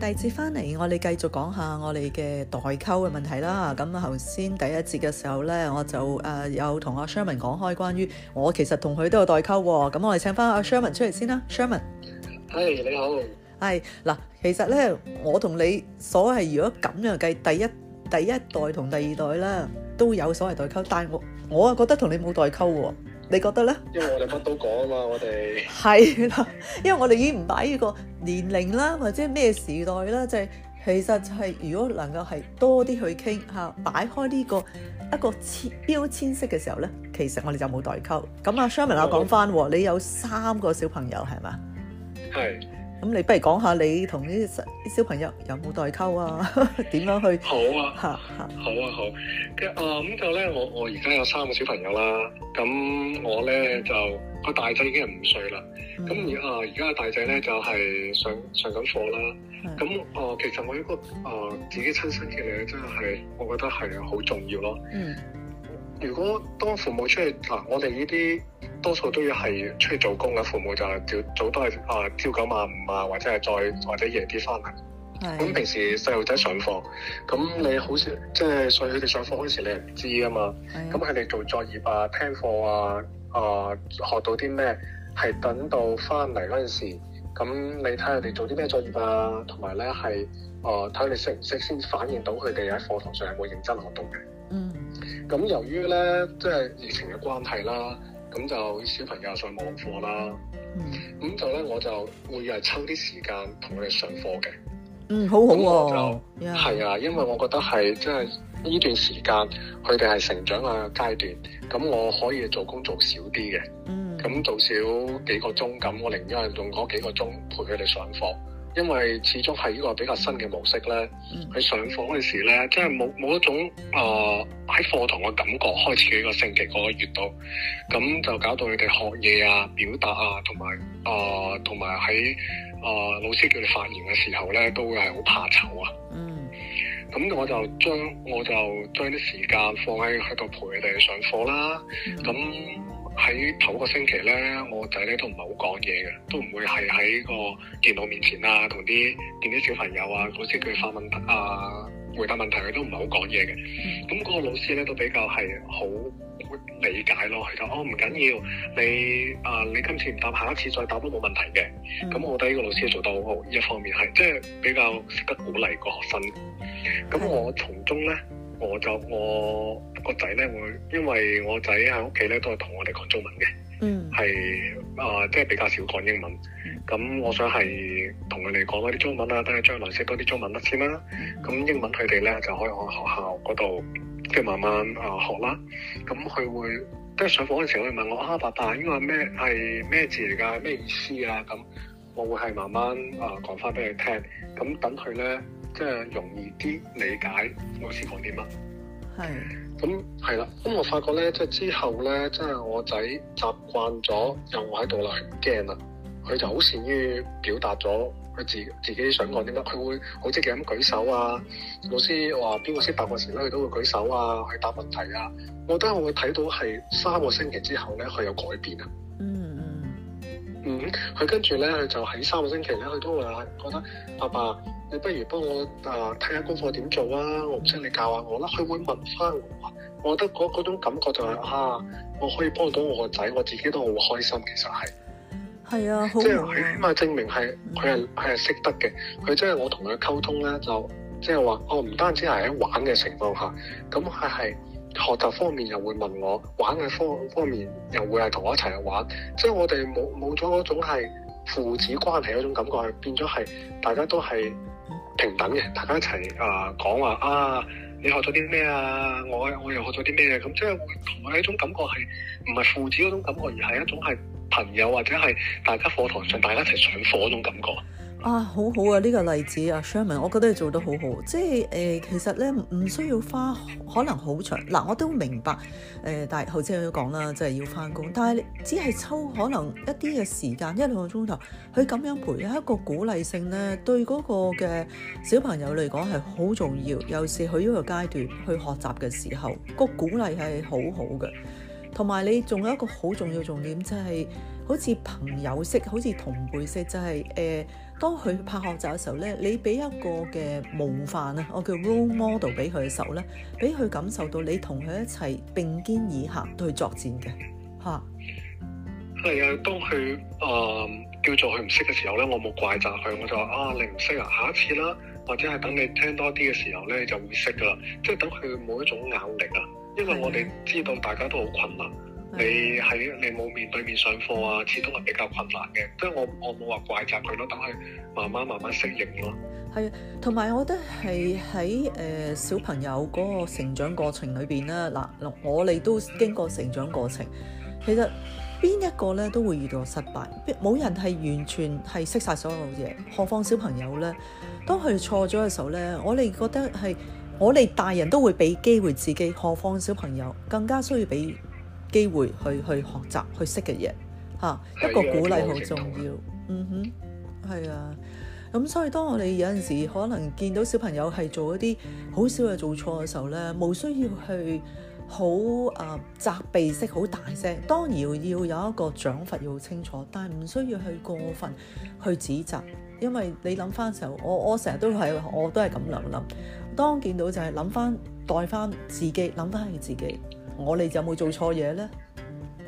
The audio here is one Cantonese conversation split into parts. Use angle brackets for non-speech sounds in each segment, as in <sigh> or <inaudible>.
第二節翻嚟，我哋繼續講下我哋嘅代溝嘅問題啦。咁頭先第一節嘅時候呢，我就誒、呃、有同阿 Sherman 講開關於我其實同佢都有代溝咁，我哋請翻阿 Sherman 出嚟先啦。Sherman，係你好，係嗱 Hey, hello.，其實呢，我同你所謂如果咁樣計，第一第一代同第二代啦，都有所謂代溝，但係我我啊覺得同你冇代溝。你覺得呢？因為我哋乜都講啊嘛，我哋係啦，因為我哋已經唔擺呢個年齡啦，或者咩時代啦，就係、是、其實就係如果能夠係多啲去傾嚇，擺、啊、開呢、這個一個標籤式嘅時候呢，其實我哋就冇代溝。咁阿 Sherman 又講翻喎的，你有三個小朋友係咪？係。咁你不如講下你同啲啲小朋友有冇代溝啊？點 <laughs> 樣去？好啊，吓，好啊，好。嘅啊，咁、呃、就咧，我我而家有三個小朋友啦。咁我咧就個大仔已經係五歲啦。咁而啊，而家個大仔咧就係、是、上上緊課啦。咁啊、嗯呃，其實我一個啊、呃，自己親身嘅咧，真係我覺得係好重要咯。嗯。如果當父母出去嗱、啊，我哋呢啲多數都要係出去做工嘅父母就早，早都係啊朝九晚五啊，或者係再或者夜啲翻嚟。咁的平時細路仔上課，咁你好少即係在佢哋上課嗰時你唔知㗎嘛。咁佢哋做作業啊、聽課啊、啊、呃、學到啲咩，係等到翻嚟嗰陣時，咁你睇下佢哋做啲咩作業啊，同埋咧係啊睇下你識唔識先反映到佢哋喺課堂上有冇認真學到嘅。嗯。咁由於咧，即係疫情嘅關係啦，咁就小朋友上網課啦，咁、嗯、就咧我就會係抽啲時間同佢哋上課嘅。嗯，好好喎、哦，係 Yeah. 啊，因為我覺得係即係呢段時間佢哋係成長嘅階段，咁我可以做工做少啲嘅。嗯，咁做少幾個鐘，咁我寧願係用嗰幾個鐘陪佢哋上課。因為始終係呢個比較新嘅模式咧，佢、嗯、上課嗰陣時咧，即係冇冇一種啊喺課堂嘅感覺，開始幾個星期、個月度，咁就搞到佢哋學嘢啊、表達啊，同埋啊，同埋喺啊老師叫你發言嘅時候咧，都會係好怕醜啊。嗯咁我就將我就將啲時間放喺喺度陪佢哋上課啦。咁喺頭個星期咧，我仔咧都唔係好講嘢嘅，都唔會係喺個電腦面前啊，同啲見啲小朋友啊，好似佢發問題啊，回答問題佢都唔係好講嘢嘅。咁嗰個老師咧都比較係好，會理解咯，佢就哦唔緊要，你啊、呃、你今次唔答，下一次再答都冇問題嘅。咁、mm. 我覺得呢個老師做到好好，一方面係即係比較識得鼓勵個學生。咁我從中呢，我就我個仔呢會，因為我仔喺屋企呢都係同我哋講中文嘅，係啊即係比較少講英文。咁、mm. 我想係同佢哋講多啲中文啦，等佢將來識多啲中文得先啦。咁英文佢哋呢就可以喺學校嗰度。即係慢慢啊學啦，咁佢會即係上課嗰陣時候，佢問我啊，爸爸應該咩係咩字嚟㗎？咩意思啊？咁我會係慢慢啊、呃、講翻俾佢聽，咁等佢咧即係容易啲理解老師講啲乜。係的。咁係啦，咁我發覺咧，即係之後咧，即係我仔習慣咗有我喺度啦，唔驚啦。佢就好善於表達咗佢自自己想講點解，佢會好積極咁舉手啊。老師話邊個識答個時咧，佢都會舉手啊，去答問題啊。我覺得我會睇到係三個星期之後咧，佢有改變啊。嗯嗯、mm hmm. 嗯，佢跟住咧，佢就喺三個星期咧，佢都話覺得阿爸，爸，你不如幫我啊睇下功課點做啊。我唔識你教下我啦。佢會問翻我、啊，我覺得嗰嗰種感覺就係、是、啊，我可以幫到我個仔，我自己都好開心。其實係。係啊，即係起碼證明係佢係佢係識得嘅。佢即係我同佢溝通咧，就即係話，我、哦、唔單止係喺玩嘅情況下，咁佢係學習方面又會問我，玩嘅方方面又會係同我一齊去玩。即係我哋冇冇咗嗰種係父子關係嗰種感覺，變咗係大家都係平等嘅，大家一齊啊、呃、講話啊，你學咗啲咩啊？我我又學咗啲咩？咁即係會同佢一種感覺係唔係父子嗰種感覺，而係一種係。朋友或者係大家課堂上大家一齊上課嗰種感覺啊，好好啊呢、呢個例子啊，Sherman，我覺得你做得好好。即係誒、呃，其實咧唔需要花可能好長。嗱、啊，我都明白但係後者都講啦，即係要翻工，但係你、就是、只係抽可能一啲嘅時間，一兩個鐘頭，佢咁樣陪有一個鼓勵性咧，對嗰個嘅小朋友嚟講係好重要。尤其去佢呢個階段去學習嘅時候，嗰個鼓勵係好好嘅。同埋你仲有一個好重要重點，就係、是、好似朋友式、好似同輩式，就係、是、誒、呃，當佢拍學習嘅時候咧，你俾一個嘅模範啊，我叫 role model 俾佢嘅時候咧，俾佢感受到你同佢一齊並肩而行去作戰嘅嚇。係啊，當佢誒、呃、叫做佢唔識嘅時候咧，我冇怪責佢，我就話啊你唔識啊，下一次啦，或者係等你聽多啲嘅時候咧，你就會識㗎喇，即係等佢冇一種壓力啊。因為我哋知道大家都好困難，的你喺你冇面對面上課啊，始終係比較困難嘅，所以我我冇話怪責佢咯，等佢慢慢慢慢適應咯。係啊，同埋我覺得係喺誒小朋友嗰個成長過程裏邊咧，嗱，我哋都經過成長過程，其實邊一個咧都會遇到失敗，冇人係完全係識晒所有嘢，何況小朋友咧，當佢錯咗嘅時候咧，我哋覺得係。我哋大人都會俾機會自己，何況小朋友更加需要俾機會去去學習去識嘅嘢嚇。一個鼓勵好重要，嗯哼，係啊。咁所以當我哋有陣時可能見到小朋友係做一啲好少人做錯嘅時候咧，冇需要去。好啊，責備、呃、式好大聲，當然要有一個獎罰要清楚，但係唔需要去過分去指責，因為你諗翻時候，我我成日都係我都係咁諗諗，當見到就係諗翻代翻自己，諗翻起自己，我哋有冇做錯嘢呢？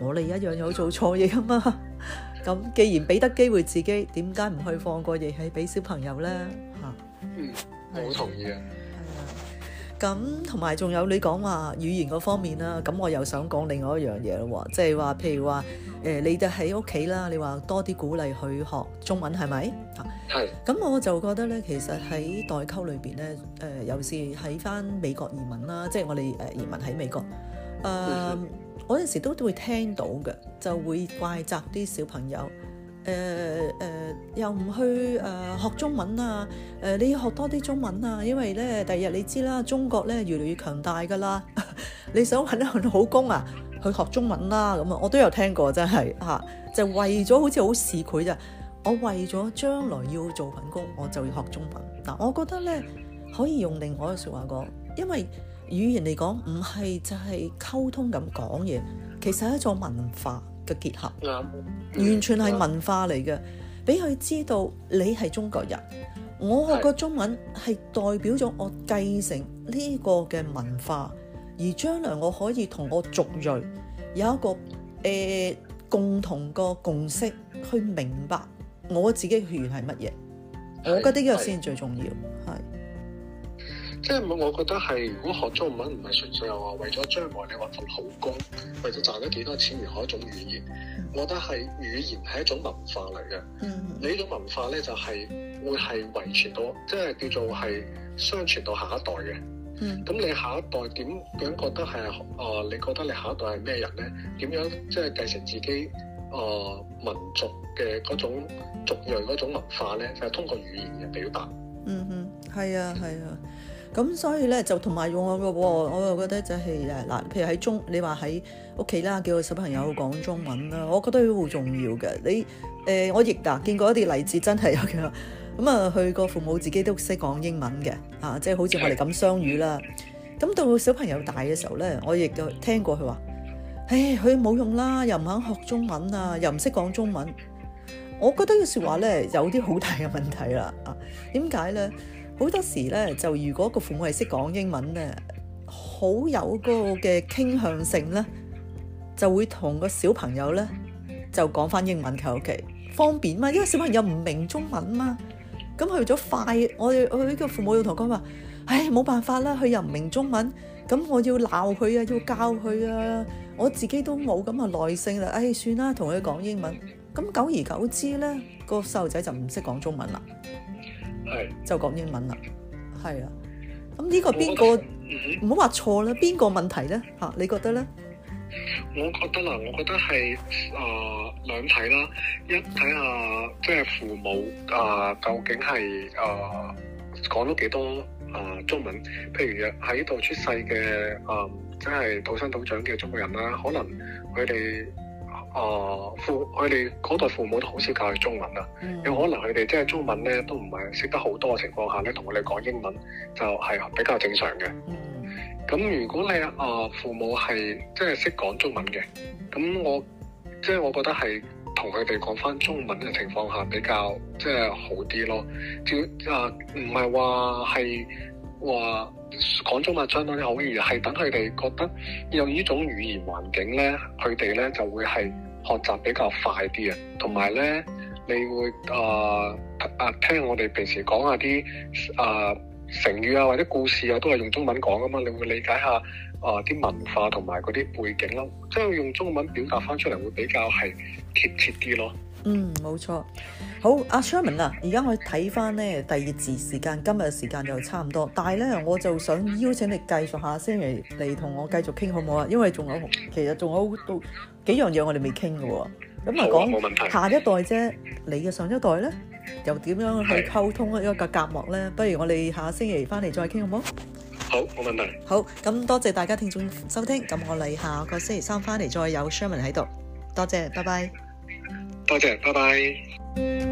我哋一樣有做錯嘢啊嘛！咁 <laughs> 既然俾得機會自己，點解唔去放過，而係俾小朋友呢？嚇、啊？嗯，我好同意啊。咁同埋仲有你講話語言嗰方面啦，咁我又想講另外一樣嘢咯喎，即係話譬如話誒、呃，你就喺屋企啦，你話多啲鼓勵去學中文係咪？係。咁是我就覺得咧，其實喺代溝裏邊咧，誒、呃、尤是喺翻美國移民啦，即係我哋誒移民喺美國，誒、呃、的我有陣時都會聽到嘅，就會怪責啲小朋友。誒誒、呃呃，又唔去誒、呃、學中文啊？誒、呃，你要學多啲中文啊，因為咧，第二日你知啦，中國咧越嚟越強大㗎啦呵呵。你想搵一份好工啊，去學中文啦咁啊、嗯！我都有聽過，真係嚇、啊，就是、為咗好似好市儈咋。我為咗將來要做份工，我就要學中文。嗱、啊，我覺得咧，可以用另外一個説話講，因為語言嚟講唔係就係溝通咁講嘢，其實係一種文化。嘅結合，完全係文化嚟嘅，俾佢知道你係中國人，我學過中文係代表咗我繼承呢個嘅文化，而將來我可以同我族裔有一個誒、呃、共同個共識去明白我自己血緣係乜嘢，我覺得呢個先最重要。即係我覺得係，如果學中文唔係純粹係話為咗將來你揾份好工，為咗、mm hmm. 賺咗幾多錢而學一種語言，我覺得係語言係一種文化嚟嘅。嗯、mm，hmm. 你呢種文化咧就係、是、會係遺傳到，即係叫做係相傳到下一代嘅。嗯、mm，咁、hmm. 你下一代點樣覺得係啊、呃？你覺得你下一代係咩人咧？點樣即係、就是、繼承自己啊、呃、民族嘅嗰種族裔嗰種文化咧？就係、是、通過語言嚟表達。嗯嗯、mm，係、hmm. 啊，係啊。咁所以咧就同埋用我個，我又覺得就係誒嗱，譬如喺中，你話喺屋企啦，叫個小朋友講中文啦，我覺得好重要嘅。你誒我亦嗱見過一啲例子，真係有嘅。咁啊，佢個父母自己都識講英文嘅，啊，即係好似我哋咁雙語啦。咁到小朋友大嘅時候咧，我亦都聽過佢話，誒，佢冇用啦，又唔肯學中文啊，又唔識講中文。我覺得呢個説話咧有啲好大嘅問題啦。啊，點解咧？啊好多時咧，就如果個父母係識講英文咧，好有嗰個嘅傾向性咧，就會同個小朋友咧就講返英文求其方便嘛，因為小朋友唔明中文嘛，咁、嗯、去咗快，我哋我呢個父母要同佢講話，唉、哎、冇辦法啦，佢又唔明中文，咁我要鬧佢啊，要教佢啊，我自己都冇咁嘅耐性啦，唉、哎、算啦，同佢講英文，咁、嗯、久而久之咧，個細路仔就唔識講中文啦。係就講英文啦，係啊，咁呢個邊個唔好話錯啦，邊個問題咧？吓，你覺得咧？我覺得啦，我覺得係啊兩睇啦，一睇下即係父母啊、呃，究竟係啊講咗幾多啊、呃、中文？譬如喺度出世嘅啊，即、呃、係、就是、土生土長嘅中國人啦，可能佢哋。啊，uh, 父佢哋嗰代父母都好少教佢中文啊，有、mm hmm. 可能佢哋即係中文咧都唔係識得好多嘅情況下咧，同佢哋講英文就係比較正常嘅。咁、mm hmm. 如果你啊、呃、父母係即係識講中文嘅，咁我即係我覺得係同佢哋講翻中文嘅情況下比較即係好啲咯。只啊唔係話係。呃話講中文將來好易，係等佢哋覺得用呢種語言環境咧，佢哋咧就會係學習比較快啲啊。同埋咧，你會啊啊、呃、聽我哋平時講下啲啊成語啊或者故事啊，都係用中文講㗎嘛。你會理解下啊啲、呃、文化同埋嗰啲背景咯，即、就、係、是、用中文表達翻出嚟會比較係貼切啲咯。嗯，冇錯。好，阿、啊、Sherman 啊，而家我睇翻咧第二節時間，今日嘅時間又差唔多，但係咧我就想邀請你繼續下星期嚟，同我繼續傾，好唔好啊？因為仲有，其實仲有到幾樣嘢我哋未傾嘅。咁啊，講下一代啫，你嘅上一代咧，又點樣去溝通一個隔隔膜咧？不如我哋下星期翻嚟再傾，好唔好？好，冇問題。好，咁多謝大家聽眾收聽，咁我哋下個星期三翻嚟再有 Sherman 喺度，多謝，拜拜。多謝，拜拜。Bye.